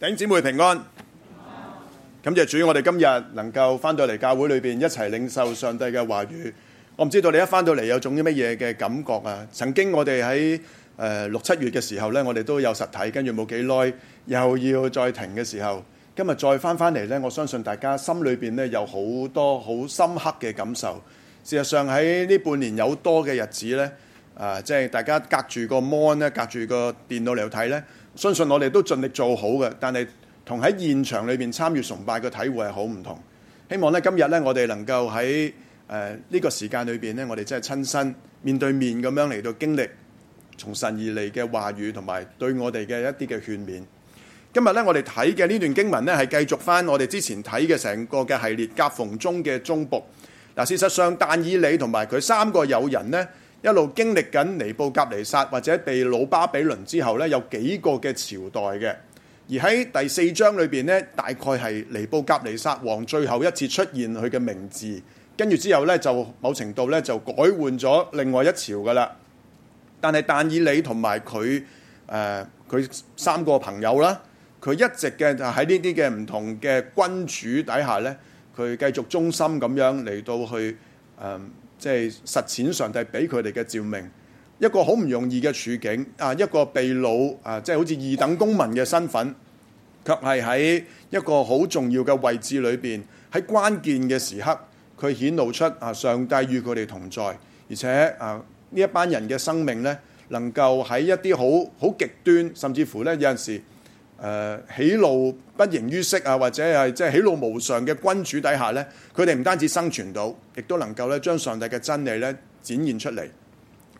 頂姊妹平安，感謝主，我哋今日能夠翻到嚟教會裏邊一齊領受上帝嘅話語。我唔知道你一翻到嚟有種啲乜嘢嘅感覺啊！曾經我哋喺誒六七月嘅時候呢，我哋都有實體，跟住冇幾耐又要再停嘅時候，今日再翻翻嚟呢。我相信大家心裏邊呢，有好多好深刻嘅感受。事實上喺呢半年有多嘅日子呢，啊，即係大家隔住個 mon 咧，隔住個電腦嚟睇呢。相信,信我哋都盡力做好嘅，但係同喺現場裏邊參與崇拜嘅體會係好唔同。希望呢今日呢，我哋能夠喺誒呢個時間裏邊呢，我哋真係親身面對面咁樣嚟到經歷從神而嚟嘅話語同埋對我哋嘅一啲嘅勸勉。今日呢，我哋睇嘅呢段經文呢，係繼續翻我哋之前睇嘅成個嘅系列，夾縫中嘅忠僕。嗱、啊，事實上但以理同埋佢三個友人呢。一路經歷緊尼布甲尼撒，或者被老巴比倫之後呢，有幾個嘅朝代嘅。而喺第四章裏面呢，呢大概係尼布甲尼撒王最後一次出現佢嘅名字，跟住之後呢，就某程度呢就改換咗另外一朝噶啦。但係但以理同埋佢誒佢三個朋友啦，佢一直嘅就喺呢啲嘅唔同嘅君主底下呢，佢繼續忠心咁樣嚟到去、呃即係實踐上帝俾佢哋嘅照明，一個好唔容易嘅處境，啊一個被擄，啊即係好似二等公民嘅身份，卻係喺一個好重要嘅位置裏面，喺關鍵嘅時刻，佢顯露出啊上帝與佢哋同在，而且啊呢一班人嘅生命呢，能夠喺一啲好好極端，甚至乎呢有陣時。誒喜怒不形於色啊，或者係即係喜怒無常嘅君主底下呢，佢哋唔單止生存到，亦都能夠咧將上帝嘅真理呢展現出嚟。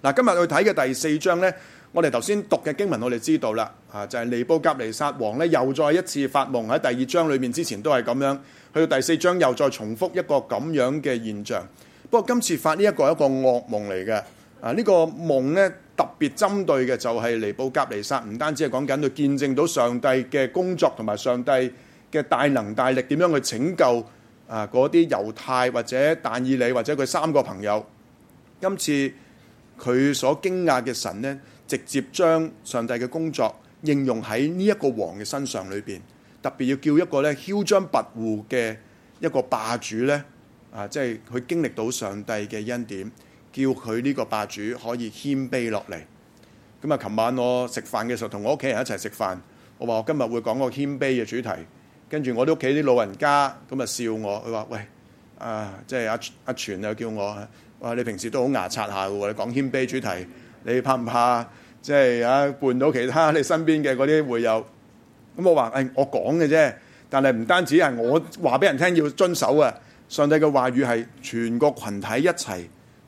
嗱，今日去睇嘅第四章呢，我哋頭先讀嘅經文，我哋知道啦，啊就係尼布甲尼撒王呢，又再一次發夢喺第二章裏面，之前都係咁樣，去到第四章又再重複一個咁樣嘅現象。不過今次發呢一個係一個惡夢嚟嘅，啊呢個夢呢。特別針對嘅就係尼布甲尼撒，唔單止係講緊佢見證到上帝嘅工作同埋上帝嘅大能大力，點樣去拯救啊嗰啲猶太或者但以理或者佢三個朋友。今次佢所驚訝嘅神呢，直接將上帝嘅工作應用喺呢一個王嘅身上裏邊，特別要叫一個咧囂張跋扈嘅一個霸主呢，啊，即係佢經歷到上帝嘅恩典。叫佢呢個霸主可以謙卑落嚟咁啊！琴晚我食飯嘅時候，同我屋企人一齊食飯，我話我今日會講個謙卑嘅主題。跟住我啲屋企啲老人家咁啊笑我，佢話：喂啊，即係阿阿全又叫我話、啊、你平時都好牙刷下嘅喎，你講謙卑主題，你怕唔怕、就是？即係啊，伴到其他你身邊嘅嗰啲會友咁、嗯，我話：誒、哎，我講嘅啫，但係唔單止係我話俾人聽要遵守啊。上帝嘅話語係全個群體一齊。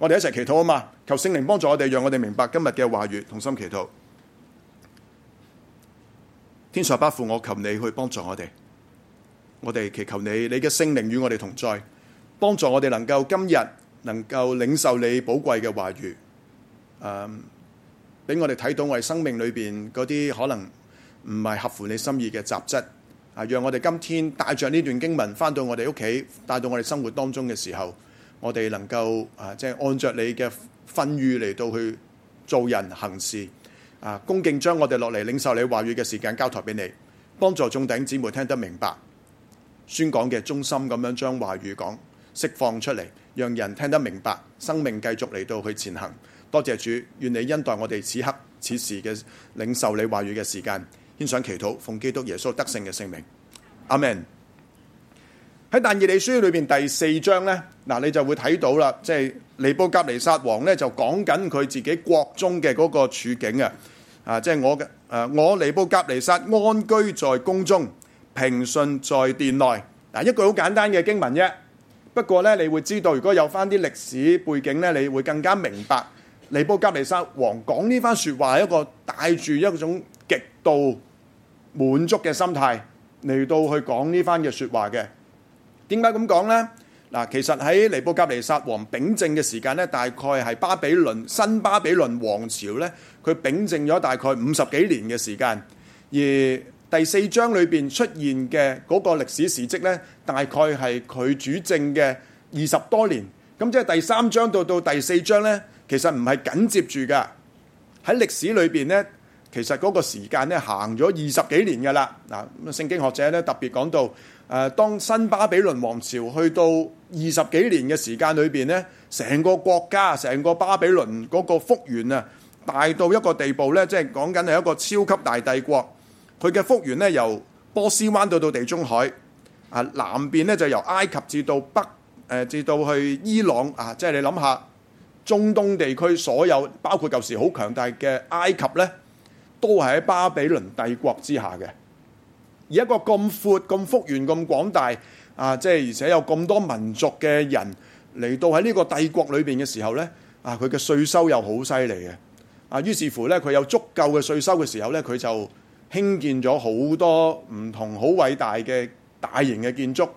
我哋一齊祈禱啊嘛！求聖靈幫助我哋，讓我哋明白今日嘅話語，同心祈禱。天父阿爸父，我求你去幫助我哋，我哋祈求你，你嘅聖靈與我哋同在，幫助我哋能夠今日能夠領受你寶貴嘅話語。誒、嗯，俾我哋睇到我哋生命裏邊嗰啲可能唔係合乎你心意嘅雜質啊！讓我哋今天帶着呢段經文翻到我哋屋企，帶到我哋生活當中嘅時候。我哋能夠啊，即係按著你嘅分諭嚟到去做人行事啊，恭敬將我哋落嚟領受你話語嘅時間交託俾你，幫助眾頂姊妹聽得明白宣講嘅中心咁樣將話語講釋放出嚟，讓人聽得明白，生命繼續嚟到去前行。多謝主，願你恩待我哋此刻此時嘅領受你話語嘅時間，獻上祈禱，奉基督耶穌得勝嘅聖名。阿門。喺但以理書裏面第四章呢。嗱，你就會睇到啦，即係尼布甲尼撒王咧，就講緊佢自己國中嘅嗰個處境啊！啊，即係我嘅，誒，我尼布甲尼撒安居在宮中，平順在殿內。嗱，一句好簡單嘅經文啫。不過咧，你會知道，如果有翻啲歷史背景咧，你會更加明白尼布甲尼撒王講呢番説話係一個帶住一種極度滿足嘅心態嚟到去講呢番嘅説話嘅。點解咁講呢？嗱，其實喺尼布甲尼撒王秉政嘅時間咧，大概係巴比倫新巴比倫王朝咧，佢秉政咗大概五十幾年嘅時間。而第四章裏邊出現嘅嗰個歷史事蹟咧，大概係佢主政嘅二十多年。咁即係第三章到到第四章咧，其實唔係緊接住㗎。喺歷史裏邊咧。其實嗰個時間咧行咗二十幾年嘅啦。嗱，咁聖經學者咧特別講到，誒當新巴比倫王朝去到二十幾年嘅時間裏邊咧，成個國家、成個巴比倫嗰個幅員啊，大到一個地步咧，即係講緊係一個超級大帝國。佢嘅幅員咧，由波斯灣到到地中海，啊，南邊咧就由埃及至到北，誒至到去伊朗啊，即係你諗下，中東地區所有包括舊時好強大嘅埃及咧。都係喺巴比倫帝國之下嘅，而一個咁闊、咁幅員、咁廣大啊，即係而且有咁多民族嘅人嚟到喺呢個帝國裏邊嘅時、啊啊、時候呢啊，佢嘅稅收又好犀利嘅，啊，於是乎呢佢有足夠嘅稅收嘅時候呢，佢就興建咗好多唔同好偉大嘅大型嘅建築，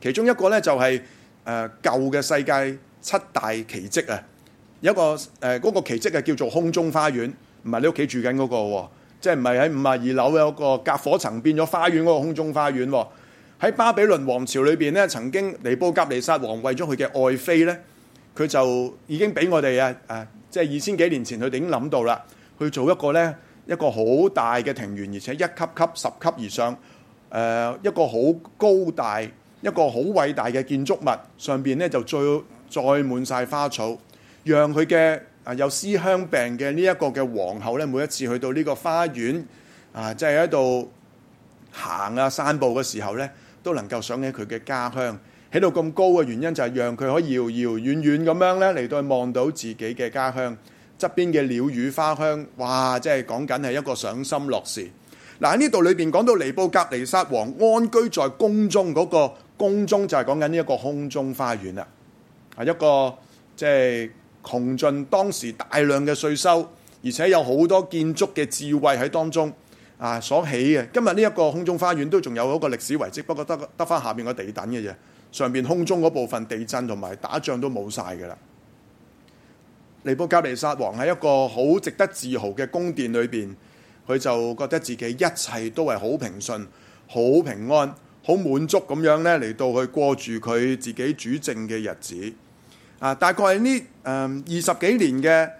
其中一個呢，就係誒舊嘅世界七大奇蹟啊，有、啊、一、那個誒嗰個奇蹟啊叫做空中花園。唔係你屋企住緊嗰、那個喎，即係唔係喺五啊二樓嘅個隔火層變咗花園嗰個空中花園喎。喺巴比倫王朝裏邊咧，曾經尼布甲尼撒王為咗佢嘅愛妃咧，佢就已經俾我哋啊啊，即係二千幾年前佢哋已經諗到啦，去做一個咧一個好大嘅庭園，而且一級級十級以上，誒、呃、一個好高大、一個好偉大嘅建築物，上邊咧就再載滿晒花草，讓佢嘅。啊！有思鄉病嘅呢一個嘅皇后咧，每一次去到呢個花園啊，即係喺度行啊散步嘅時候咧，都能夠想起佢嘅家鄉。喺度咁高嘅原因就係讓佢可以遙遙遠遠咁樣咧嚟到望到自己嘅家鄉側邊嘅鳥語花香。哇！即係講緊係一個賞心樂事。嗱，喺呢度裏邊講到尼布甲尼撒王安居在宮中嗰個宮中，就係講緊呢一個空中花園啦，係一個即係。窮盡當時大量嘅稅收，而且有好多建築嘅智慧喺當中啊，所起嘅。今日呢一個空中花園都仲有嗰個歷史遺跡，不過得得翻下邊個地等嘅嘢。上邊空中嗰部分地震同埋打仗都冇晒㗎啦。尼布甲尼撒王喺一個好值得自豪嘅宮殿裏邊，佢就覺得自己一切都係好平順、好平安、好滿足咁樣呢，嚟到去過住佢自己主政嘅日子。啊，大概喺呢二十幾年嘅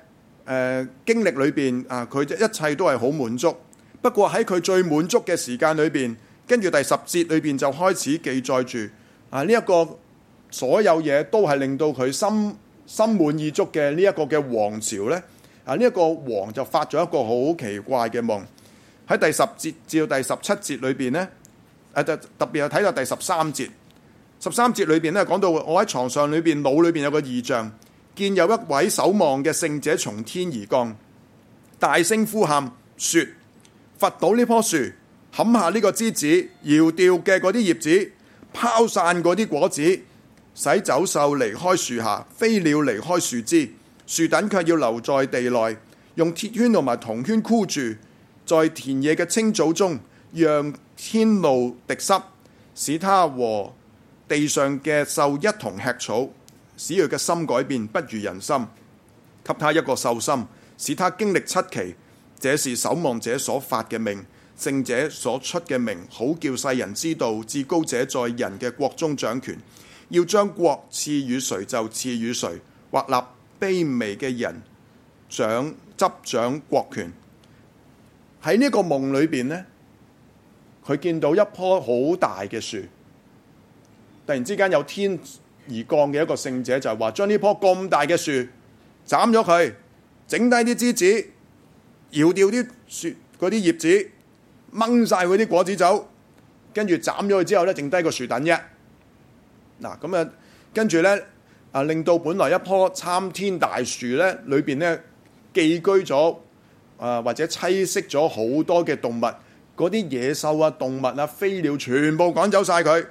誒經歷裏邊，啊，佢一切都係好滿足。不過喺佢最滿足嘅時間裏邊，跟住第十節裏邊就開始記載住啊呢一個所有嘢都係令到佢心心滿意足嘅呢一個嘅王朝咧。啊，呢一個王就發咗一個好奇怪嘅夢，喺第十節至到第十七節裏邊呢，誒、啊、特別係睇到第十三節。十三節裏邊咧講到，我喺床上裏邊腦裏邊有個異象，見有一位守望嘅聖者從天而降，大聲呼喊，説：伐倒呢棵樹，砍下呢個枝子，搖掉嘅嗰啲葉子，拋散嗰啲果子，使走獸離開樹下，飛鳥離開樹枝，樹等卻要留在地內，用鐵圈同埋銅圈箍住，在田野嘅青草中，讓天露滴濕，使他和地上嘅獸一同吃草，使佢嘅心改變，不如人心。給他一個獸心，使他經歷七期。這是守望者所發嘅命，聖者所出嘅命，好叫世人知道，至高者在人嘅國中掌權。要將國賜與誰就賜與誰，或立卑微嘅人掌執掌國權。喺呢個夢裏邊呢，佢見到一棵好大嘅樹。突然之間有天而降嘅一個聖者，就係話將呢棵咁大嘅樹斬咗佢，整低啲枝子，搖掉啲樹嗰啲葉子，掹晒嗰啲果子走，跟住斬咗佢之後咧，剩低個樹墩啫。嗱咁啊，跟住咧啊，令到本來一棵參天大樹咧，裏邊咧寄居咗啊或者棲息咗好多嘅動物，嗰啲野獸啊、動物啊、飛鳥全部趕走晒佢。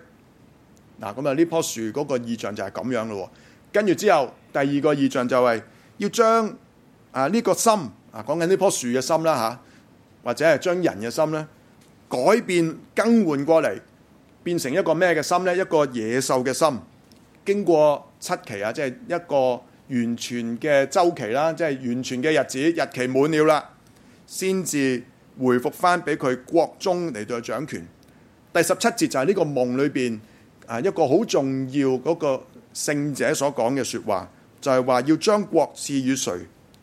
嗱，咁啊，呢棵樹嗰個意象就係咁樣咯。跟住之後，第二個意象就係、是、要將啊呢、這個心啊，講緊呢棵樹嘅心啦嚇、啊，或者係將人嘅心咧改變、更換過嚟，變成一個咩嘅心咧？一個野獸嘅心，經過七期啊，即、就、係、是、一個完全嘅周期啦，即、啊、係、就是、完全嘅日子日期滿了啦，先至回復翻俾佢國中嚟到掌權。第十七節就係呢個夢裏邊。啊！一個好重要嗰個聖者所講嘅說話，就係話要將國賜與誰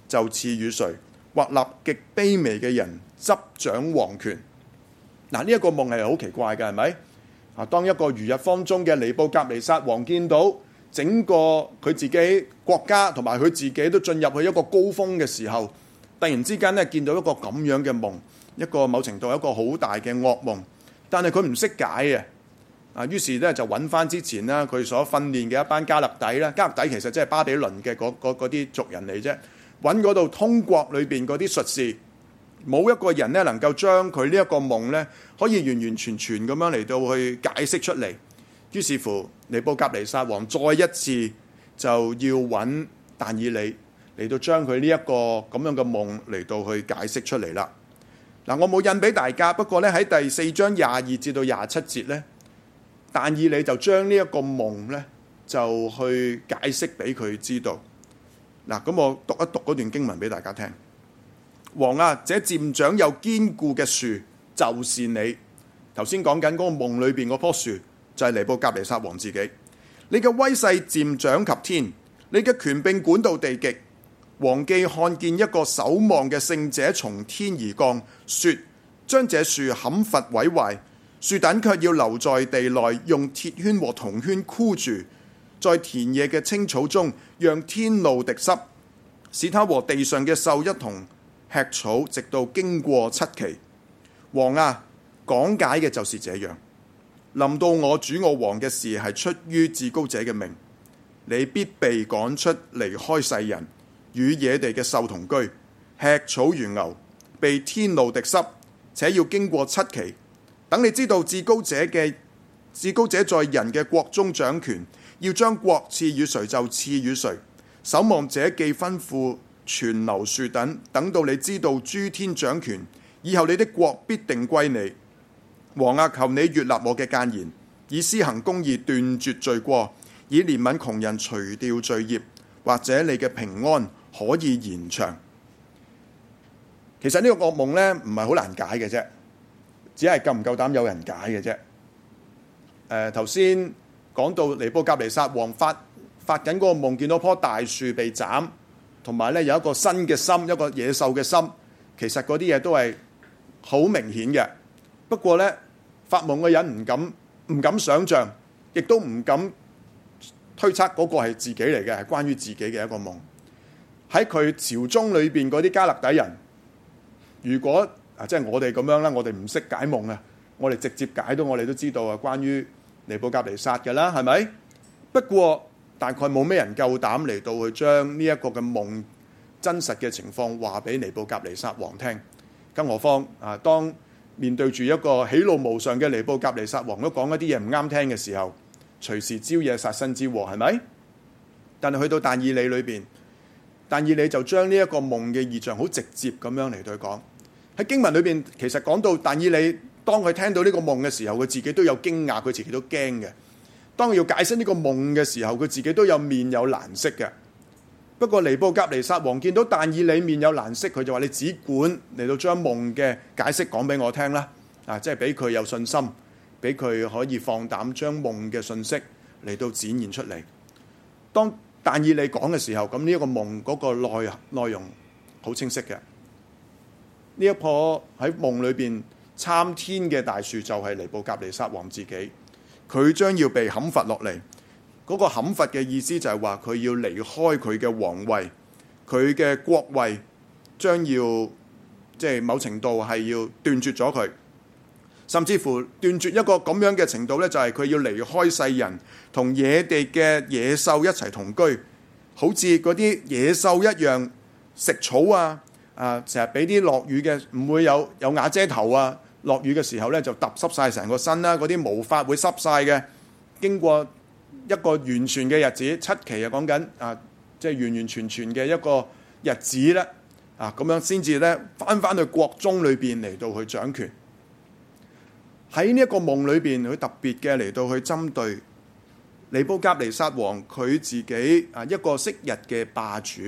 就賜與誰，或立極卑微嘅人執掌皇權。嗱，呢一個夢係好奇怪嘅，係咪？啊，當一個如日方中嘅尼布甲尼撒王見到整個佢自己國家同埋佢自己都進入去一個高峰嘅時候，突然之間咧見到一個咁樣嘅夢，一個某程度一個好大嘅噩夢，但係佢唔識解嘅。啊，於是咧就揾翻之前呢，佢所訓練嘅一班加勒底啦，加勒底其實即係巴比倫嘅嗰啲族人嚟啫。揾嗰度通國裏面嗰啲術士，冇一個人咧能夠將佢呢一個夢咧可以完完全全咁樣嚟到去解釋出嚟。於是乎，尼布甲尼撒王再一次就要揾但以理嚟到將佢呢一個咁樣嘅夢嚟到去解釋出嚟啦。嗱，我冇印俾大家，不過咧喺第四章廿二至到廿七節咧。但以理就將呢一個夢咧，就去解釋俾佢知道。嗱、啊，咁我讀一讀嗰段經文俾大家聽。王啊，這漸長又堅固嘅樹，就是你。頭先講緊嗰個夢裏邊嗰棵樹，就係尼布甲尼撒王自己。你嘅威勢漸長及天，你嘅權柄管到地極。王記看見一個守望嘅聖者從天而降，說：將這樹砍伐毀壞。樹墩卻要留在地內，用鐵圈和銅圈箍住，在田野嘅青草中，讓天露滴濕，使他和地上嘅獸一同吃草，直到經過七期。王啊，講解嘅就是這樣。臨到我主我王嘅事係出於至高者嘅命，你必被趕出離開世人，與野地嘅獸同居，吃草如牛，被天露滴濕，且要經過七期。等你知道至高者嘅，至高者在人嘅國中掌權，要將國賜予誰就賜予誰。守望者既吩咐全流樹等，等到你知道諸天掌權以後，你的國必定歸你。王啊、啊、求你悅納我嘅諫言，以施行公義，斷絕罪過，以憐憫窮人，除掉罪孽，或者你嘅平安可以延長。其實呢個噩夢呢，唔係好難解嘅啫。只係夠唔夠膽有人解嘅啫。誒頭先講到尼布甲尼撒王發發緊嗰個夢，見到棵大樹被斬，同埋咧有一個新嘅心，一個野獸嘅心。其實嗰啲嘢都係好明顯嘅。不過咧，發夢嘅人唔敢唔敢想像，亦都唔敢推測嗰個係自己嚟嘅，係關於自己嘅一個夢。喺佢朝中裏邊嗰啲迦勒底人，如果啊！即係我哋咁樣啦，我哋唔識解夢啊。我哋直接解到，我哋都知道啊。關於尼布甲尼撒嘅啦，係咪？不過大概冇咩人夠膽嚟到去將呢一個嘅夢真實嘅情況話俾尼布甲尼撒王聽。更何況啊，當面對住一個喜怒無常嘅尼布甲尼撒王，都講一啲嘢唔啱聽嘅時候，隨時招惹殺身之禍係咪？但係去到但以理裏邊，但以理就將呢一個夢嘅異象好直接咁樣嚟對講。喺經文裏邊，其實講到但以理，當佢聽到呢個夢嘅時候，佢自己都有驚訝，佢自己都驚嘅。當佢要解釋呢個夢嘅時候，佢自己都有面有難色嘅。不過尼布甲尼撒王見到但以理面有難色，佢就話：你只管嚟到將夢嘅解釋講俾我聽啦。嗱，即係俾佢有信心，俾佢可以放膽將夢嘅信息嚟到展現出嚟。當但以理講嘅時候，咁呢一個夢嗰個內內容好清晰嘅。呢一棵喺夢裏邊參天嘅大樹，就係尼布甲尼撒王自己，佢將要被砍伐落嚟。嗰、那個砍伐嘅意思就係話佢要離開佢嘅皇位，佢嘅國位將要即係、就是、某程度係要斷絕咗佢，甚至乎斷絕一個咁樣嘅程度呢就係佢要離開世人，同野地嘅野獸一齊同居，好似嗰啲野獸一樣食草啊！啊！成日俾啲落雨嘅，唔會有有瓦遮頭啊！落雨嘅時候呢，就揼濕晒成個身啦，嗰啲毛髮會濕晒嘅。經過一個完全嘅日子，七期、就是、啊，講緊啊，即係完完全全嘅一個日子呢。啊，咁樣先至呢，翻翻去國中裏邊嚟到去掌權。喺呢一個夢裏邊，佢特別嘅嚟到去針對尼布甲尼撒王佢自己啊，一個昔日嘅霸主，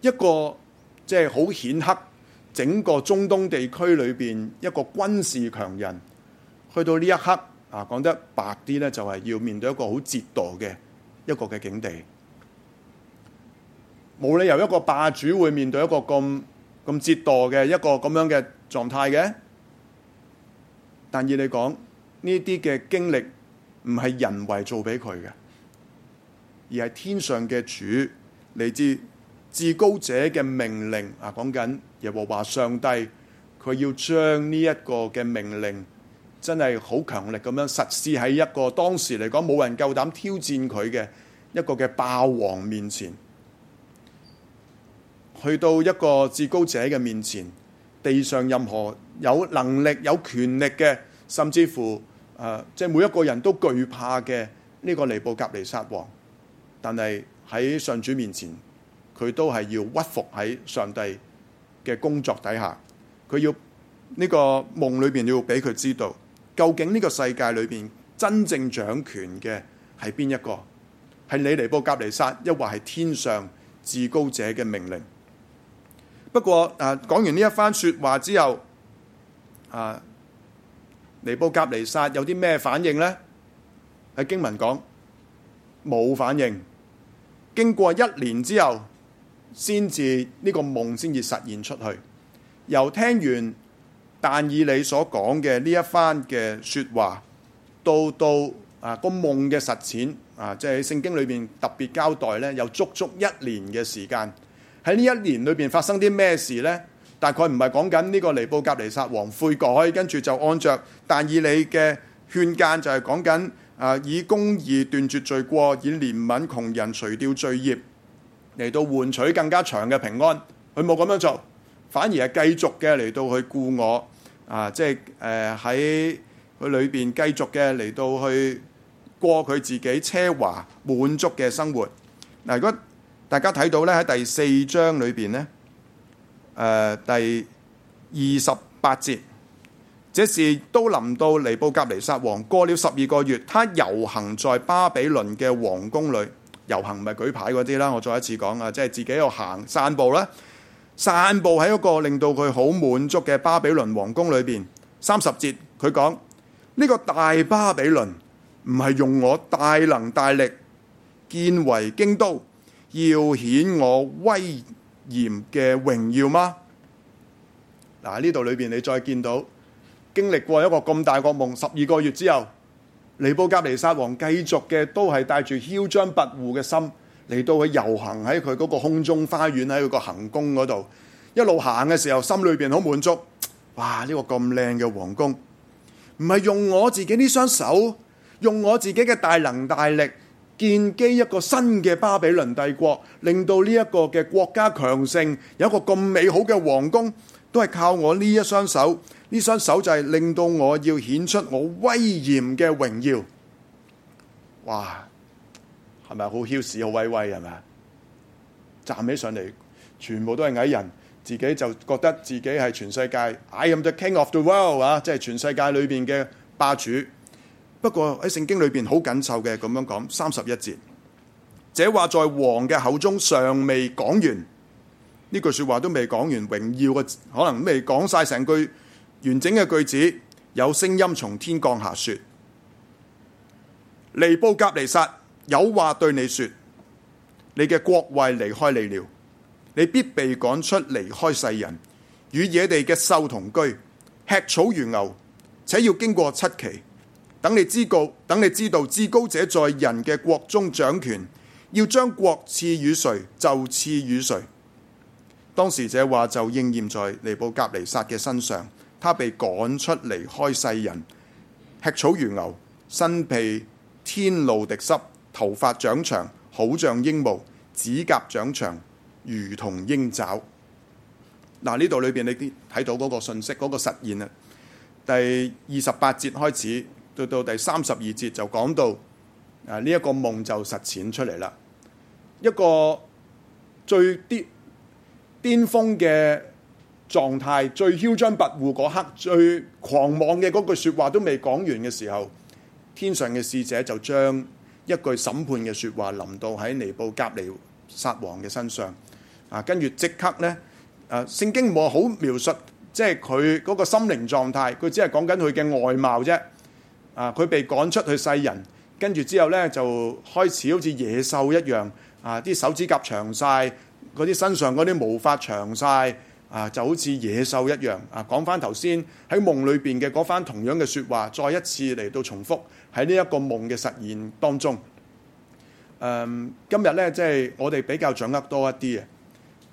一個。即係好顯赫，整個中東地區裏邊一個軍事強人，去到呢一刻啊，講得白啲呢，就係要面對一個好折墮嘅一個嘅境地。冇理由一個霸主會面對一個咁咁折墮嘅一個咁樣嘅狀態嘅。但以你講呢啲嘅經歷，唔係人為做俾佢嘅，而係天上嘅主嚟自。至高者嘅命令啊，講緊耶和華上帝，佢要將呢一個嘅命令，真係好強力咁樣實施喺一個當時嚟講冇人夠膽挑戰佢嘅一個嘅霸王面前，去到一個至高者嘅面前，地上任何有能力、有權力嘅，甚至乎啊，即係每一個人都懼怕嘅呢個尼布甲尼撒王，但係喺上主面前。佢都係要屈服喺上帝嘅工作底下，佢要呢個夢裏邊要俾佢知道，究竟呢個世界裏邊真正掌權嘅係邊一個？係尼尼布甲尼撒，抑或係天上至高者嘅命令？不過啊，講完呢一番說話之後，啊，尼布甲尼撒有啲咩反應呢？喺經文講冇反應。經過一年之後。先至呢個夢先至實現出去，由聽完但以理所講嘅呢一番嘅說話，到到啊、這個夢嘅實踐啊，即係聖經裏面特別交代咧，有足足一年嘅時間。喺呢一年裏邊發生啲咩事呢？大概唔係講緊呢個尼布甲尼撒王悔改，跟住就按着但以理嘅勸諫，就係講緊啊以公義斷絕罪過，以憐憫窮人除掉罪孽。嚟到換取更加長嘅平安，佢冇咁樣做，反而係繼續嘅嚟到去顧我啊！即係喺佢裏邊繼續嘅嚟到去過佢自己奢華滿足嘅生活啊。如果大家睇到咧喺第四章裏邊呢，呃、第二十八節，這事都臨到尼布甲尼撒王過了十二個月，他遊行在巴比倫嘅皇宮裏。遊行咪舉牌嗰啲啦，我再一次講啊，即係自己喺度行散步啦，散步喺一個令到佢好滿足嘅巴比倫王宮裏面。三十節佢講：呢個大巴比倫唔係用我大能大力建為京都，要顯我威嚴嘅榮耀嗎？嗱，呢度裏面你再見到經歷過一個咁大個夢十二個月之後。尼布甲尼撒王繼續嘅都係帶住囂張跋扈嘅心嚟到去遊行，喺佢嗰個空中花園，喺佢個行宮嗰度一路行嘅時候，心裏邊好滿足。哇！呢、這個咁靚嘅皇宮，唔係用我自己呢雙手，用我自己嘅大能大力建基一個新嘅巴比倫帝國，令到呢一個嘅國家強盛，有一個咁美好嘅皇宮，都係靠我呢一雙手。呢雙手就係令到我要顯出我威嚴嘅榮耀。哇，係咪好囂屎好威威，係咪啊？站起上嚟，全部都係矮人，自己就覺得自己係全世界。I am the King of the World 啊，即係全世界裏邊嘅霸主。不過喺聖經裏邊好緊湊嘅咁樣講三十一節，這話在王嘅口中尚未講完，呢句説話都未講完，榮耀嘅可能未講晒成句。完整嘅句子，有聲音從天降下說，尼布甲尼撒有話對你說：你嘅國位離開你了，你必被趕出離開世人，與野地嘅獸同居，吃草如牛，且要經過七期。等你知告，等你知道，至高者在人嘅國中掌權，要將國賜與誰就賜與誰。當時這話就應驗在尼布甲尼撒嘅身上。他被趕出離開世人，吃草如牛，身披天露滴濕，頭髮長長，好像鷹毛，指甲長長，如同鷹爪。嗱，呢度裏邊你啲睇到嗰個信息，嗰、那個實現啊！第二十八節開始到到第三十二節就講到啊呢一、這個夢就實踐出嚟啦。一個最啲巔峰嘅。狀態，最囂張跋扈嗰刻，最狂妄嘅嗰句說話都未講完嘅時候，天上嘅使者就將一句審判嘅說話臨到喺尼布甲尼撒王嘅身上啊。跟住即刻咧，誒聖經冇好描述，即係佢嗰個心靈狀態，佢只係講緊佢嘅外貌啫。啊，佢被趕出去世人，跟住之後咧就開始好似野獸一樣啊，啲手指甲長曬，嗰啲身上嗰啲毛髮長曬。啊，就好似野獸一樣啊！講翻頭先喺夢裏面嘅嗰番同樣嘅說話，再一次嚟到重複喺呢一個夢嘅實現當中。誒、嗯，今日呢，即、就、係、是、我哋比較掌握多一啲嘅，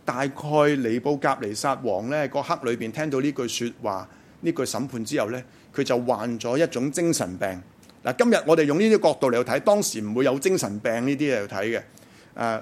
大概尼布甲尼撒王呢嗰刻裏面聽到呢句說話，呢句審判之後呢，佢就患咗一種精神病。嗱、啊，今日我哋用呢啲角度嚟睇，當時唔會有精神病呢啲嚟睇嘅。誒、啊。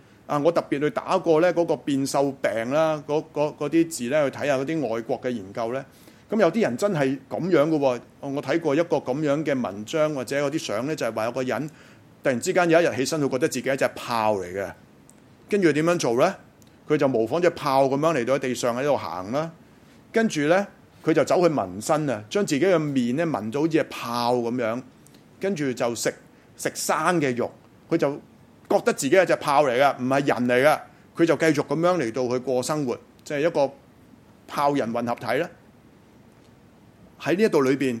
啊！我特別去打過咧嗰、那個變瘦病啦，嗰啲字咧去睇下嗰啲外國嘅研究咧。咁有啲人真係咁樣噶喎、哦！我睇過一個咁樣嘅文章或者嗰啲相咧，就係、是、話有個人突然之間有一日起身，佢覺得自己係隻豹嚟嘅。跟住點樣做咧？佢就模仿隻豹咁樣嚟到地上喺度行啦。跟住咧，佢就走去紋身啊，將自己嘅面咧紋到好似係豹咁樣。跟住就食食生嘅肉，佢就。覺得自己係隻豹嚟噶，唔係人嚟噶，佢就繼續咁樣嚟到去過生活，即係一個豹人混合體啦。喺呢一度裏邊，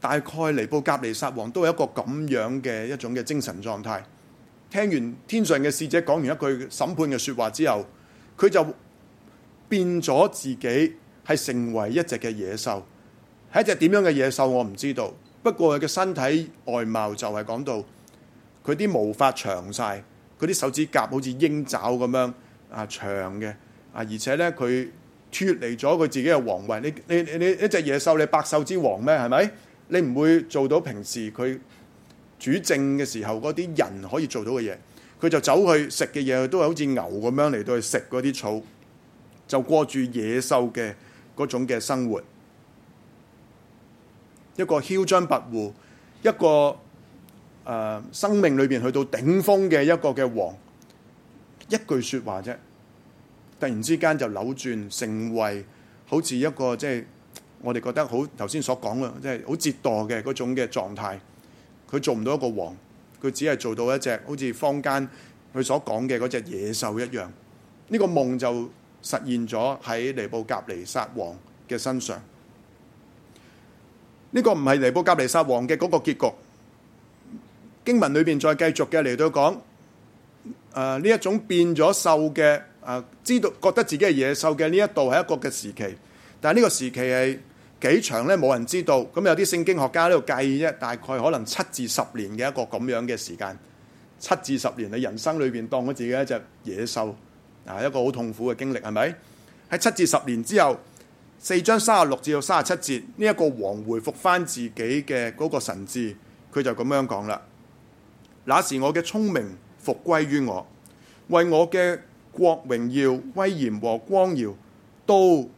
大概尼布甲尼撒王都係一個咁樣嘅一種嘅精神狀態。聽完天上嘅使者講完一句審判嘅說話之後，佢就變咗自己係成為一隻嘅野獸，係一隻點樣嘅野獸我唔知道。不過佢嘅身體外貌就係講到。佢啲毛髮長晒，佢啲手指甲好似鷹爪咁樣啊長嘅啊，而且咧佢脫離咗佢自己嘅皇位。你你你一隻野獸你百獸之王咩？係咪？你唔會做到平時佢主政嘅時候嗰啲人可以做到嘅嘢。佢就走去食嘅嘢都係好似牛咁樣嚟到去食嗰啲草，就過住野獸嘅嗰種嘅生活。一個囂張跋扈，一個。誒，生命裏邊去到頂峰嘅一個嘅王，一句說話啫，突然之間就扭轉，成為好似一個即係、就是、我哋覺得好頭先所講嘅，即係好折墮嘅嗰種嘅狀態。佢做唔到一個王，佢只係做到一隻好似坊間佢所講嘅嗰隻野獸一樣。呢、這個夢就實現咗喺尼布甲尼撒王嘅身上。呢、這個唔係尼布甲尼撒王嘅嗰個結局。經文裏邊再繼續嘅嚟到講，誒呢一種變咗獸嘅誒，知道覺得自己係野獸嘅呢一度係一個嘅時期，但係呢個時期係幾長呢？冇人知道。咁有啲聖經學家呢度計啫，大概可能七至十年嘅一個咁樣嘅時間。七至十年喺人生裏邊當咗自己一隻野獸，啊，一個好痛苦嘅經歷係咪？喺七至十年之後，四章三十六至到三十七節，呢一個王回復翻自己嘅嗰個神智，佢就咁樣講啦。那時我嘅聰明復歸於我，為我嘅國榮耀、威嚴和光耀都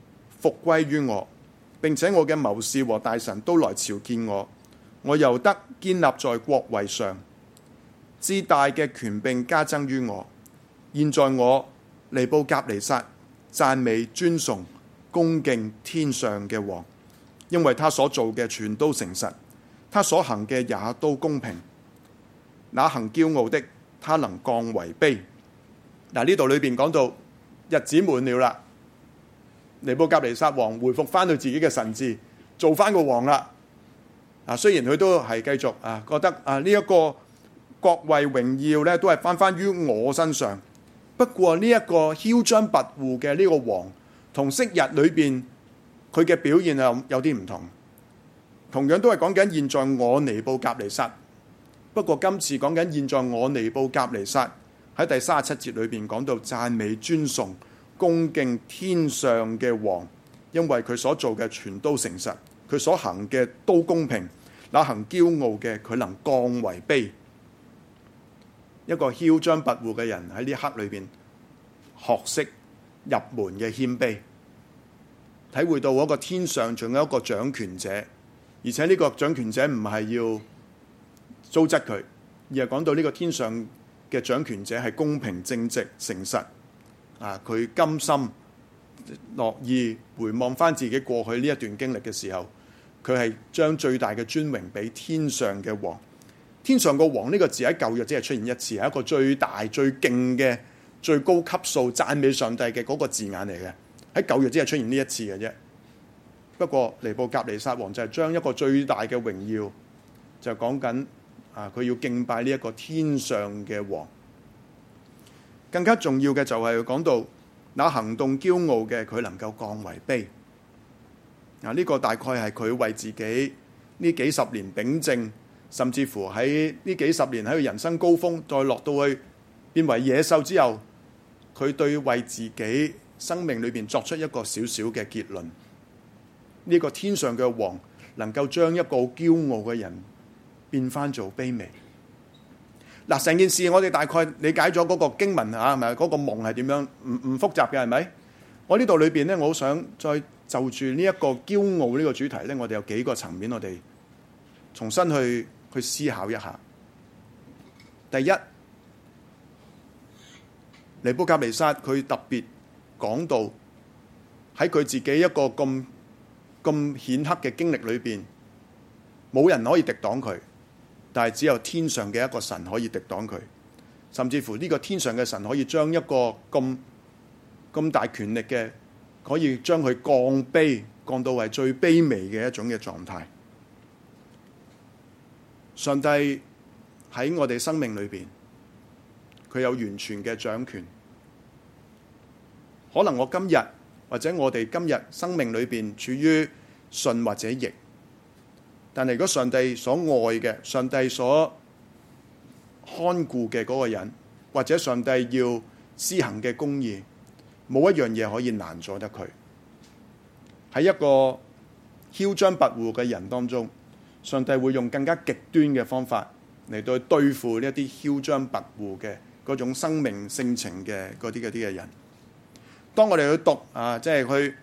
復歸於我，並且我嘅謀士和大臣都來朝見我，我由得建立在國位上，至大嘅權柄加增於我。現在我尼布甲尼撒讚美、尊崇、恭敬天上嘅王，因為他所做嘅全都誠實，他所行嘅也都公平。那行驕傲的，他能降為卑。嗱，呢度裏邊講到日子滿了啦，尼布甲尼撒王回復翻到自己嘅神志，做翻個王啦。啊，雖然佢都係繼續啊，覺得啊呢一個國位榮耀咧，都係返翻於我身上。不過呢一個囂張跋扈嘅呢個王，同昔日裏邊佢嘅表現有有啲唔同。同樣都係講緊，現在我尼布甲尼撒。不過今次講緊，現在我尼布甲尼撒喺第三十七節裏邊講到讚美尊崇恭敬天上嘅王，因為佢所做嘅全都誠實，佢所行嘅都公平。那行驕傲嘅佢能降為卑，一個囂張跋扈嘅人喺呢刻裏邊學識入門嘅謙卑，體會到嗰個天上仲有一個掌權者，而且呢個掌權者唔係要，糟質佢，而係講到呢個天上嘅掌權者係公平正直誠實，啊，佢甘心樂意回望翻自己過去呢一段經歷嘅時候，佢係將最大嘅尊榮俾天上嘅王。天上個王呢個字喺舊約只係出現一次，係一個最大最勁嘅最高級數讚美上帝嘅嗰個字眼嚟嘅。喺舊約只係出現呢一次嘅啫。不過尼布甲尼撒王就係將一個最大嘅榮耀就講緊。啊！佢要敬拜呢一個天上嘅王，更加重要嘅就係講到那行動驕傲嘅佢能夠降為卑啊！呢個大概係佢為自己呢幾十年秉正，甚至乎喺呢幾十年喺佢人生高峰再，再落到去變為野獸之後，佢對為自己生命裏邊作出一個小小嘅結論。呢個天上嘅王能夠將一個驕傲嘅人變翻做卑微嗱，成件事我哋大概理解咗嗰個經文啊，咪、那、嗰個夢係點樣？唔唔複雜嘅係咪？我呢度裏邊咧，我好想再就住呢一個驕傲呢個主題咧，我哋有幾個層面，我哋重新去去思考一下。第一，尼布甲尼撒佢特別講到喺佢自己一個咁咁顯赫嘅經歷裏邊，冇人可以敵擋佢。但係只有天上嘅一個神可以抵擋佢，甚至乎呢個天上嘅神可以將一個咁咁大權力嘅，可以將佢降卑降到為最卑微嘅一種嘅狀態。上帝喺我哋生命裏邊，佢有完全嘅掌權。可能我今日或者我哋今日生命裏邊處於信或者疑。但係如果上帝所愛嘅，上帝所看顧嘅嗰個人，或者上帝要施行嘅公義，冇一樣嘢可以難阻得佢。喺一個囂張跋扈嘅人當中，上帝會用更加極端嘅方法嚟到對付呢一啲囂張跋扈嘅嗰種生命性情嘅嗰啲啲嘅人。當我哋去讀啊，即係去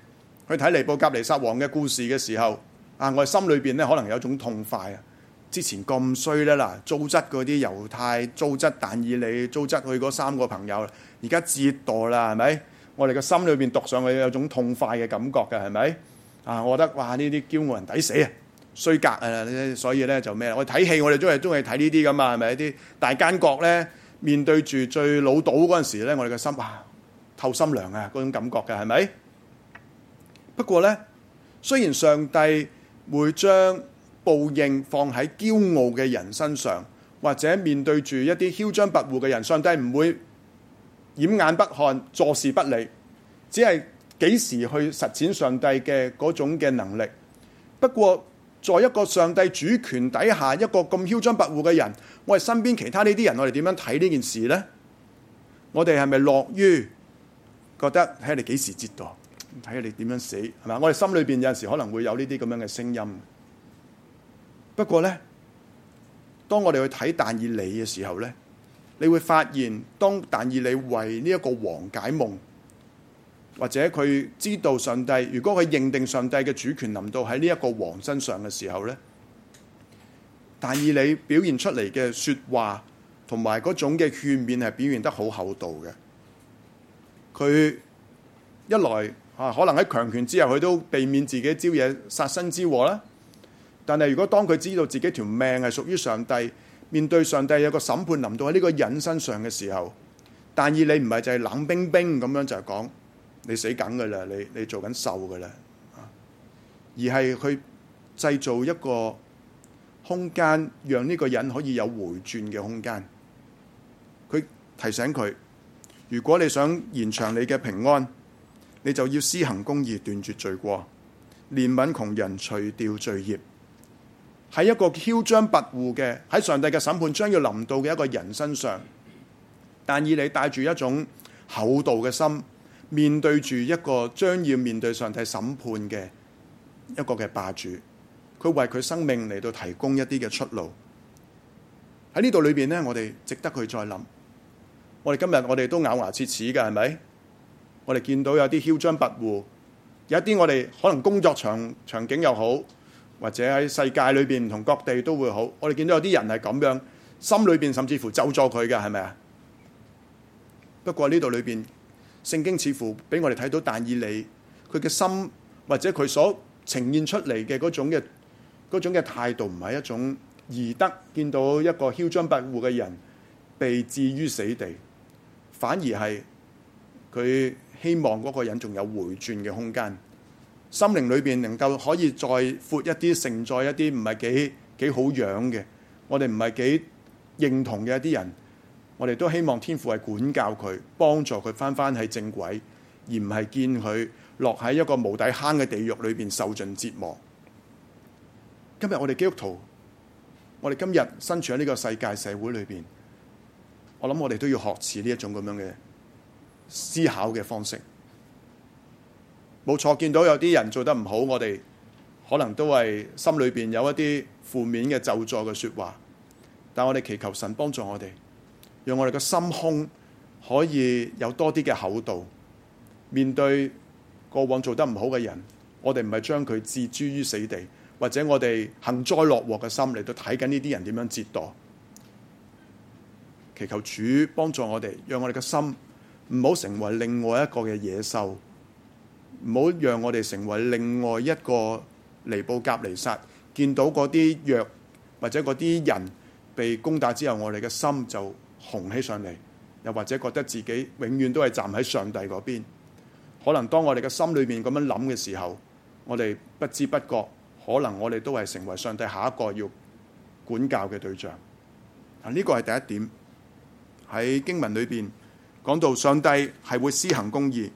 去睇尼布甲尼撒王嘅故事嘅時候，啊！我哋心裏邊咧，可能有種痛快啊！之前咁衰咧嗱，租質嗰啲猶太、租質但以理、租質佢嗰三個朋友，而家折墮啦，係咪？我哋嘅心裏邊讀上去有種痛快嘅感覺嘅，係咪？啊，我覺得哇！呢啲驕傲人抵死啊，衰格啊！所以咧就咩啦？我哋睇戲，我哋都係中意睇呢啲咁啊，係咪？啲大奸角咧面對住最老賭嗰陣時咧，我哋嘅心哇透心涼啊！嗰種感覺嘅係咪？不過咧，雖然上帝會將報應放喺驕傲嘅人身上，或者面對住一啲囂張跋扈嘅人，上帝唔會掩眼不看，坐視不理，只係幾時去實踐上帝嘅嗰種嘅能力。不過，在一個上帝主權底下，一個咁囂張跋扈嘅人，我哋身邊其他呢啲人，我哋點樣睇呢件事呢？我哋係咪樂於覺得睇下你幾時折墮？睇下你點樣死係嘛？我哋心裏邊有陣時候可能會有呢啲咁樣嘅聲音。不過呢，當我哋去睇但以理嘅時候呢，你會發現當但以理為呢一個王解夢，或者佢知道上帝，如果佢認定上帝嘅主權臨到喺呢一個王身上嘅時候呢，但以理表現出嚟嘅說話同埋嗰種嘅勸勉係表現得好厚道嘅。佢一來。啊，可能喺強權之後，佢都避免自己招惹殺身之禍啦。但係如果當佢知道自己條命係屬於上帝，面對上帝有個審判臨到喺呢個人身上嘅時候，但以理唔係就係冷冰冰咁樣就講你死梗噶啦，你你做緊受噶啦，而係去製造一個空間，讓呢個人可以有回轉嘅空間。佢提醒佢：如果你想延長你嘅平安。你就要施行公義，斷絕罪過，憐憫窮人，除掉罪孽。喺一個囂張跋扈嘅、喺上帝嘅審判將要臨到嘅一個人身上，但以理帶住一種厚道嘅心，面對住一個將要面對上帝審判嘅一個嘅霸主，佢為佢生命嚟到提供一啲嘅出路。喺呢度裏邊呢，我哋值得去再諗。我哋今日我哋都咬牙切齒嘅，係咪？我哋見到有啲囂張跋扈，有一啲我哋可能工作場場景又好，或者喺世界裏邊唔同各地都會好。我哋見到有啲人係咁樣，心裏邊甚至乎咒詛佢嘅係咪啊？不過呢度裏邊聖經似乎俾我哋睇到，但以理，佢嘅心或者佢所呈現出嚟嘅嗰種嘅嗰種嘅態度，唔係一種義德，見到一個囂張跋扈嘅人被置於死地，反而係佢。希望嗰個人仲有回轉嘅空間，心靈裏邊能夠可以再闊一啲，承載一啲唔係幾幾好養嘅，我哋唔係幾認同嘅一啲人，我哋都希望天父係管教佢，幫助佢翻返喺正軌，而唔係見佢落喺一個無底坑嘅地獄裏邊受盡折磨。今日我哋基督徒，我哋今日身處喺呢個世界社會裏邊，我諗我哋都要學似呢一種咁樣嘅。思考嘅方式，冇錯，見到有啲人做得唔好，我哋可能都係心裏邊有一啲負面嘅咒詛嘅說話。但我哋祈求神幫助我哋，讓我哋嘅心胸可以有多啲嘅厚度。面對過往做得唔好嘅人，我哋唔係將佢置諸於死地，或者我哋幸災樂禍嘅心嚟到睇緊呢啲人點樣折墮。祈求主幫助我哋，讓我哋嘅心。唔好成為另外一個嘅野獸，唔好讓我哋成為另外一個尼布甲尼撒。見到嗰啲弱，或者嗰啲人被攻打之後，我哋嘅心就紅起上嚟，又或者覺得自己永遠都係站喺上帝嗰邊。可能當我哋嘅心裏面咁樣諗嘅時候，我哋不知不覺，可能我哋都係成為上帝下一個要管教嘅對象。啊，呢個係第一點喺經文裏邊。講到上帝係會施行公義，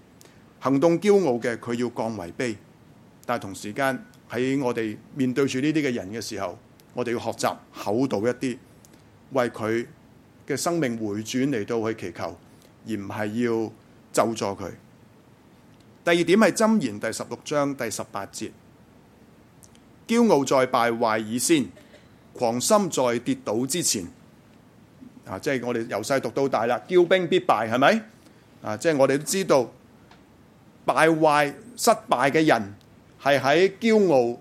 行動驕傲嘅佢要降為卑，但同時間喺我哋面對住呢啲嘅人嘅時候，我哋要學習厚道一啲，為佢嘅生命回轉嚟到去祈求，而唔係要咒詛佢。第二點係箴言第十六章第十八節：驕傲在敗壞以先，狂心在跌倒之前。啊！即係我哋由細讀到大啦，驕兵必敗，係咪？啊！即係我哋都知道，敗壞、失敗嘅人係喺驕傲。誒、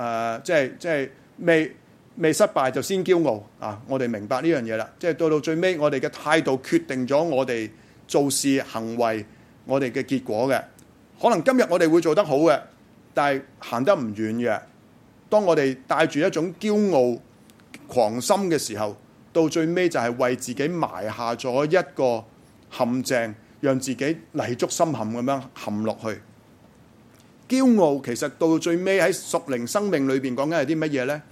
啊，即係即係未未失敗就先驕傲。啊！我哋明白呢樣嘢啦。即係到到最尾，我哋嘅態度決定咗我哋做事行為，我哋嘅結果嘅。可能今日我哋會做得好嘅，但係行得唔遠嘅。當我哋帶住一種驕傲狂心嘅時候，到最尾就係為自己埋下咗一個陷阱，讓自己泥足深陷咁樣陷落去。驕傲其實到最尾喺屬靈生命裏邊講緊係啲乜嘢呢？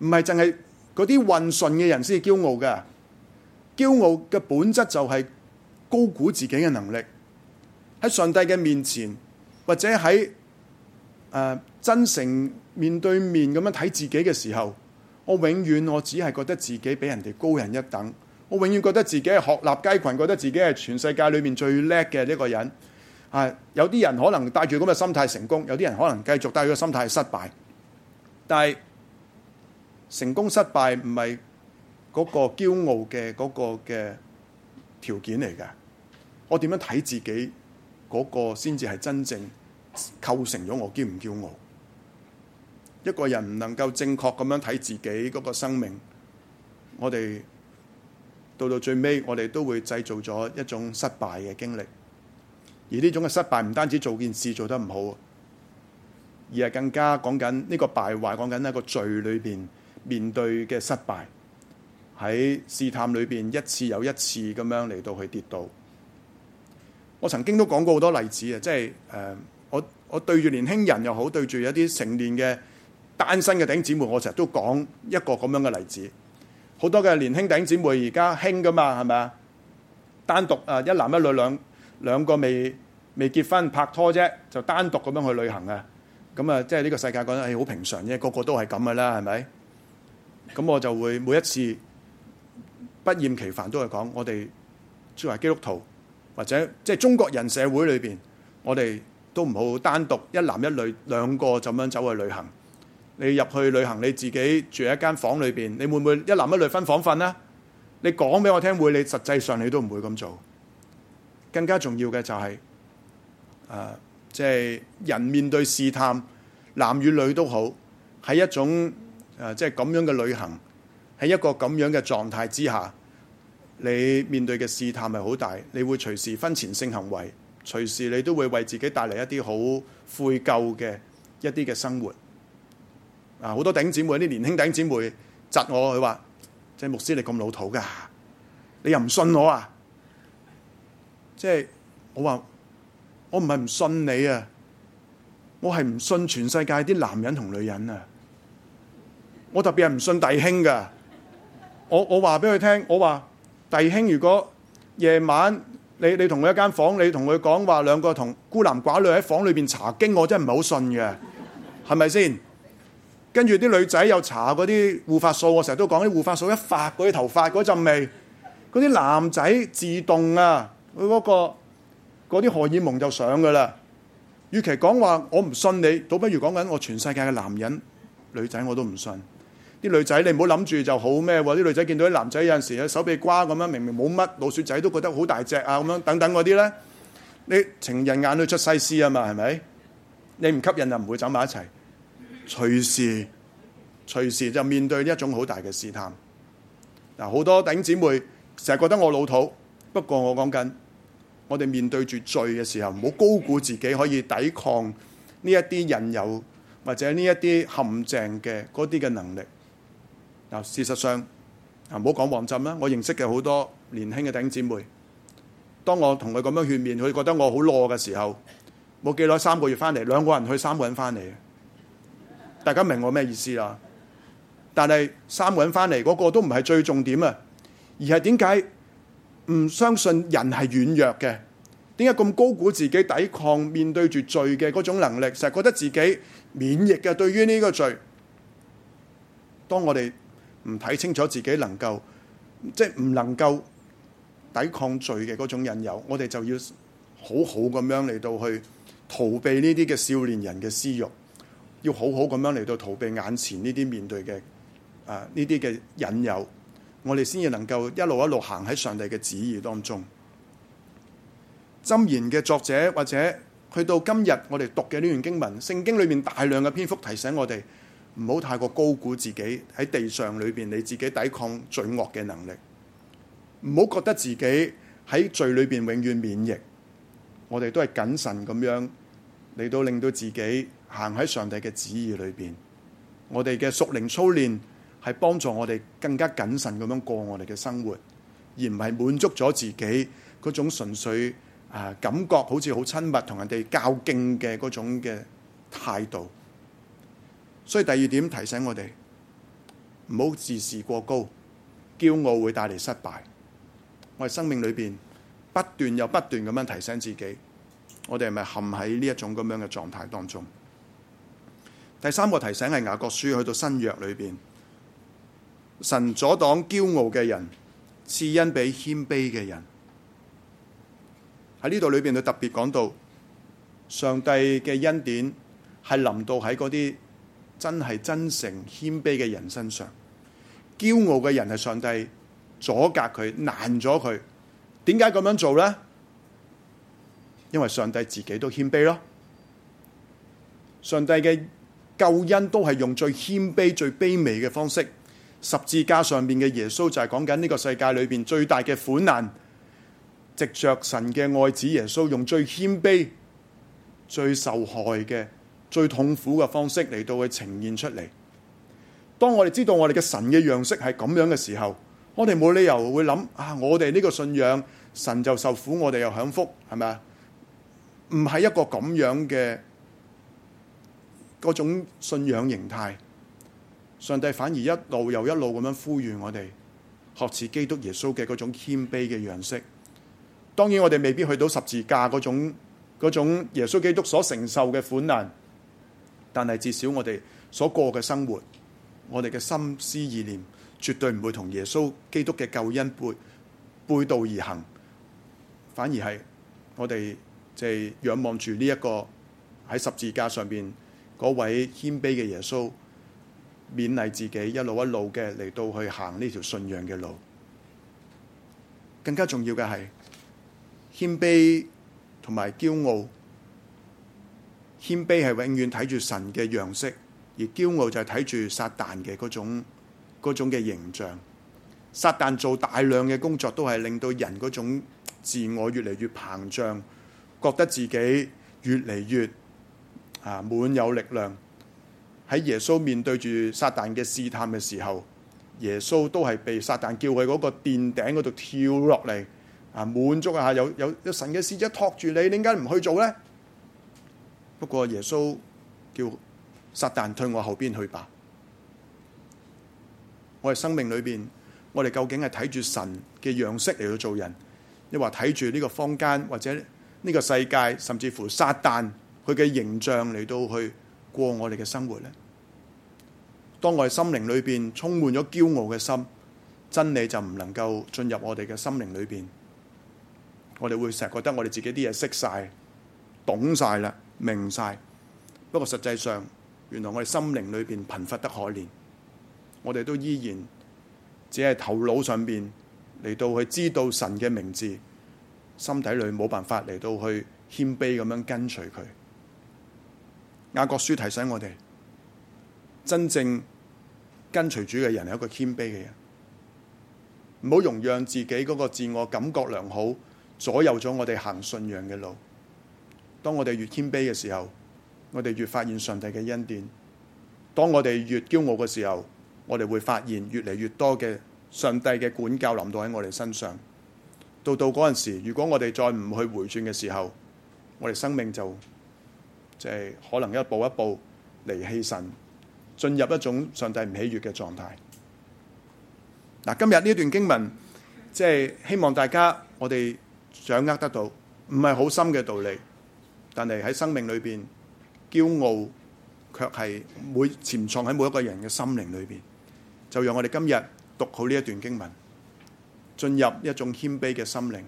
唔係淨係嗰啲混順嘅人先驕傲㗎。驕傲嘅本質就係高估自己嘅能力。喺上帝嘅面前，或者喺誒、呃、真誠面對面咁樣睇自己嘅時候，我永遠我只係覺得自己比人哋高人一等，我永遠覺得自己係鶴立雞群，覺得自己係全世界裏面最叻嘅一個人。係有啲人可能帶住咁嘅心態成功，有啲人可能繼續帶住個心態失敗。但係成功失敗唔係嗰個驕傲嘅嗰個嘅條件嚟嘅。我點樣睇自己嗰個先至係真正構成咗我驕唔驕傲？一個人唔能夠正確咁樣睇自己嗰個生命，我哋到到最尾，我哋都會製造咗一種失敗嘅經歷。而呢種嘅失敗唔單止做件事做得唔好，而係更加講緊呢個敗壞，講緊一個罪裏邊面面對嘅失敗，喺試探裏邊一次又一次咁樣嚟到去跌倒。我曾經都講過好多例子啊，即係誒、呃，我我對住年輕人又好，對住一啲成年嘅。單身嘅頂姊妹，我成日都講一個咁樣嘅例子。好多嘅年輕頂姊妹而家興㗎嘛，係咪啊？單獨啊，一男一女兩兩個未未結婚拍拖啫，就單獨咁樣去旅行啊。咁啊，即係呢個世界覺得係好平常啫，個個都係咁㗎喇，係咪？咁我就會每一次不厭其煩都係講，我哋作為基督徒或者即係中國人社會裏邊，我哋都唔好單獨一男一女兩個咁樣走去旅行。你入去旅行，你自己住喺一間房裏邊，你會唔會一男一女分房瞓啊？你講俾我聽會，你實際上你都唔會咁做。更加重要嘅就係，誒，即係人面對試探，男與女都好，喺一種誒，即係咁樣嘅旅行，喺一個咁樣嘅狀態之下，你面對嘅試探係好大，你會隨時婚前性行為，隨時你都會為自己帶嚟一啲好悔疚嘅一啲嘅生活。啊！好多頂姊妹啲年輕頂姊妹窒我，佢話：即係牧師你咁老土噶，你又唔信我啊！即係我話：我唔係唔信你啊，我係唔信全世界啲男人同女人啊！我特別係唔信弟兄噶。我我話俾佢聽，我話弟兄如果夜晚你你同佢一間房，你同佢講話兩個同孤男寡女喺房裏邊查經，我真係唔係好信嘅，係咪先？跟住啲女仔又搽嗰啲護髮素，我成日都講啲護髮素一發嗰啲頭髮嗰陣味，嗰啲男仔自動啊，佢嗰個嗰啲荷爾蒙就上噶啦。與其講話我唔信你，倒不如講緊我全世界嘅男人女仔我都唔信。啲女仔你唔好諗住就好咩？啲女仔見到啲男仔有陣時啊手臂瓜咁樣，明明冇乜，老鼠仔都覺得好大隻啊咁樣等等嗰啲呢，你情人眼裏出西施啊嘛，係咪？你唔吸引就唔會走埋一齊。隨時隨時就面對呢一種好大嘅試探。嗱，好多弟兄姊妹成日覺得我老土，不過我講緊，我哋面對住罪嘅時候，唔好高估自己可以抵抗呢一啲引誘，或者呢一啲陷阱嘅嗰啲嘅能力。嗱，事實上，啊唔好講旺浸啦，我認識嘅好多年輕嘅弟兄姊妹，當我同佢咁樣勸勉，佢覺得我好囉嘅時候，冇幾耐三個月翻嚟，兩個人去，三個人翻嚟。大家明我咩意思啦？但係三個人翻嚟嗰個都唔係最重點啊，而係點解唔相信人係軟弱嘅？點解咁高估自己抵抗面對住罪嘅嗰種能力，就係、是、覺得自己免疫嘅？對於呢個罪，當我哋唔睇清楚自己能夠，即係唔能夠抵抗罪嘅嗰種引誘，我哋就要好好咁樣嚟到去逃避呢啲嘅少年人嘅私慾。要好好咁樣嚟到逃避眼前呢啲面對嘅啊呢啲嘅引誘，我哋先至能夠一路一路行喺上帝嘅旨意當中。箴言嘅作者或者去到今日，我哋讀嘅呢段經文，聖經裏面大量嘅篇幅提醒我哋，唔好太過高估自己喺地上裏邊你自己抵抗罪惡嘅能力，唔好覺得自己喺罪裏邊永遠免疫。我哋都係謹慎咁樣嚟到令到自己。行喺上帝嘅旨意裏邊，我哋嘅屬靈操練係幫助我哋更加謹慎咁樣過我哋嘅生活，而唔係滿足咗自己嗰種純粹啊感覺好似好親密同人哋較勁嘅嗰種嘅態度。所以第二點提醒我哋，唔好自視過高，驕傲會帶嚟失敗。我哋生命裏邊不斷又不斷咁樣提醒自己，我哋係咪陷喺呢一種咁樣嘅狀態當中？第三個提醒係雅各書去到新約裏邊，神阻擋驕傲嘅人，賜恩俾謙卑嘅人。喺呢度裏邊佢特別講到，上帝嘅恩典係臨到喺嗰啲真係真誠謙卑嘅人身上。驕傲嘅人係上帝阻隔佢難咗佢，點解咁樣做呢？因為上帝自己都謙卑咯，上帝嘅。救恩都係用最謙卑、最卑微嘅方式。十字架上面嘅耶穌就係講緊呢個世界裏邊最大嘅苦難，藉着神嘅愛子耶穌，用最謙卑、最受害嘅、最痛苦嘅方式嚟到去呈現出嚟。當我哋知道我哋嘅神嘅樣式係咁樣嘅時候，我哋冇理由會諗啊！我哋呢個信仰，神就受苦，我哋又享福，係咪啊？唔係一個咁樣嘅。嗰種信仰形態，上帝反而一路又一路咁樣呼籲我哋，學似基督耶穌嘅嗰種謙卑嘅樣式。當然我哋未必去到十字架嗰種嗰種耶穌基督所承受嘅苦難，但係至少我哋所過嘅生活，我哋嘅心思意念絕對唔會同耶穌基督嘅救恩背背道而行，反而係我哋即係仰望住呢一個喺十字架上邊。嗰位謙卑嘅耶穌勉勵自己一路一路嘅嚟到去行呢條信仰嘅路，更加重要嘅係謙卑同埋驕傲。謙卑係永遠睇住神嘅樣式，而驕傲就係睇住撒旦嘅嗰種嗰種嘅形象。撒旦做大量嘅工作，都係令到人嗰種自我越嚟越膨脹，覺得自己越嚟越啊，滿有力量。喺耶穌面對住撒旦嘅試探嘅時候，耶穌都係被撒旦叫去嗰個殿頂嗰度跳落嚟，啊滿足啊，有有神嘅使者托住你，你點解唔去做咧？不過耶穌叫撒旦退我後邊去吧。我哋生命裏邊，我哋究竟係睇住神嘅樣式嚟到做人，亦或睇住呢個坊間或者呢個世界，甚至乎撒旦。佢嘅形象嚟到去過我哋嘅生活咧，當我哋心靈裏邊充滿咗驕傲嘅心，真理就唔能夠進入我哋嘅心靈裏邊。我哋會成日覺得我哋自己啲嘢識晒、懂晒啦、明晒。不過實際上，原來我哋心靈裏邊貧乏得可憐，我哋都依然只係頭腦上邊嚟到去知道神嘅名字，心底裏冇辦法嚟到去謙卑咁樣跟隨佢。雅各書提醒我哋，真正跟隨主嘅人係一個謙卑嘅人，唔好容讓自己嗰個自我感覺良好，左右咗我哋行信仰嘅路。當我哋越謙卑嘅時候，我哋越發現上帝嘅恩典；當我哋越驕傲嘅時候，我哋會發現越嚟越多嘅上帝嘅管教臨到喺我哋身上。到到嗰陣時，如果我哋再唔去回轉嘅時候，我哋生命就即係可能一步一步離棄神，進入一種上帝唔喜悅嘅狀態。嗱，今日呢段經文，即係希望大家我哋掌握得到，唔係好深嘅道理，但係喺生命裏邊，驕傲卻係每潛藏喺每一個人嘅心靈裏邊。就讓我哋今日讀好呢一段經文，進入一種謙卑嘅心靈。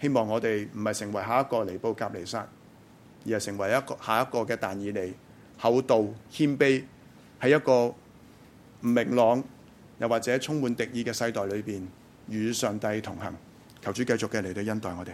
希望我哋唔係成為下一個尼布甲尼撒。而係成為一個下一個嘅但以理，厚道謙卑，喺一個唔明朗又或者充滿敵意嘅世代裏邊，與上帝同行。求主繼續嘅嚟到恩待我哋。